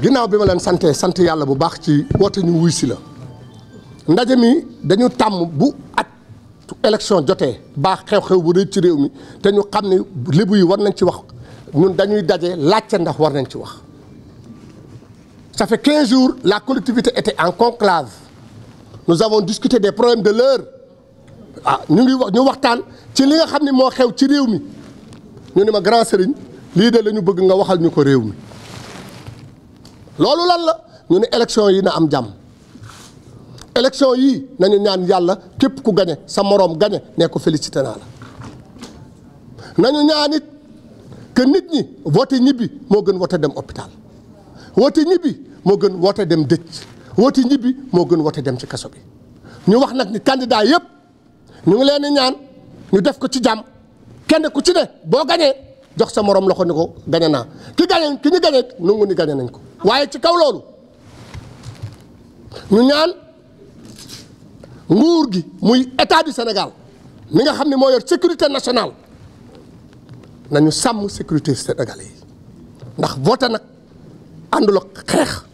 ginnaaw bi ma leen santee sant yàlla bu baax ci woote ñu wuy si la ndaje mi dañu tàmm bu at élection jotee baax xew-xew bu rëy ci réew mi te ñu xam ne lébu yi war nañ ci wax mun dañuy daje laajte ndax war nañ ci wax ça fait 15 jours la collectivité était en conclave nous avons discuté des problèmes de l'heure ah ñu ngi wax ñu waxtaan ci li nga xam ni moo xew ci réew mi ñu ne ma grand sëriñ lii de la ñu bëgg nga waxal ñu ko réew mi loolu lan la ñu ne élection yi na am jàmm élection yii nañu ñaan yàlla képp ku gañe sa moroom gañe ne ko félicité naa la nañu ñaan it que nit ñi vote ñibbi moo gën vote dem hôpital vote ñibbi moo gën vote dem dëj vote ñibbi moo gën vote dem ci kaso bi ñu wax nag ni candidat yëpp ñu ngi leen di ñaan ñu def ko ci jàmm kenn ku ci ne boo gañee jox sa moroom loxo ni ko gañe naa ki gañe ki ñu gañe nungu ni gañe nañ ko waaye ci kaw loolu ñu ñaan nguur gi muy état du Sénégal mi nga xam ni moo yor sécurité nationale nañu sàmm sécurité sénégalais yi ndax voté nag àndul xeex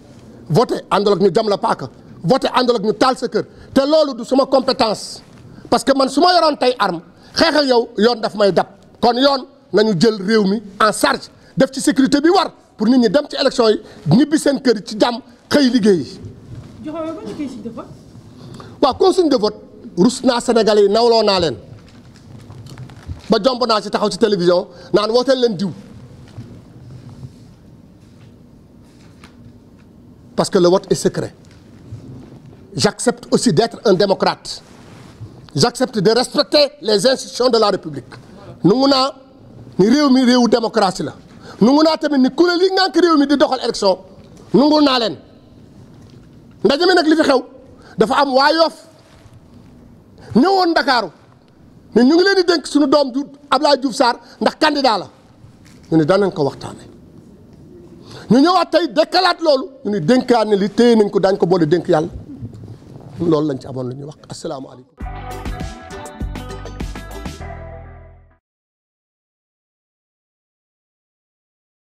voté àndul ñu jam la paaka voté àndul ñu taal sa kër te loolu du suma compétence parce que man su ma yoroon tey arm xeexal yow yoon daf may dab kon yoon nañu jël réew mi en charge def ci sécurité bi war pour nit ñi dem ci élection yi ñibbi seen kër ci jàmm xëy liggéey. joxewoo ba ñu consigne de vote. rus naa Sénégalais yi nawloo naa leen ba jomb naa ci taxaw ci télévision naan wooteel leen diw. parce que le vote est secret j'accepte aussi d'être un démocrate j'accepte de respecter les institutions de la République nangu naa ni réew mi réewu démocratie la. nungu naa tamit ni kuréel yi ngànk réew mi di doxal élection nungul naa leen ndaje mi nag li fi xew dafa am waa Yoff ñëwoon Ndakaaru ne ñu ngi leen di dénk suñu doom ju Abdoulaye Diouf Sarr ndax candidat la ñu ne danañ ko waxtaanee ñu ñëwaat tey dekkalaat loolu ñu ne dénkaat ne li téye nañ ko daañ ko boole dénk yàlla loolu lañ ci amoon lu ñuy wax asalaamaaleykum.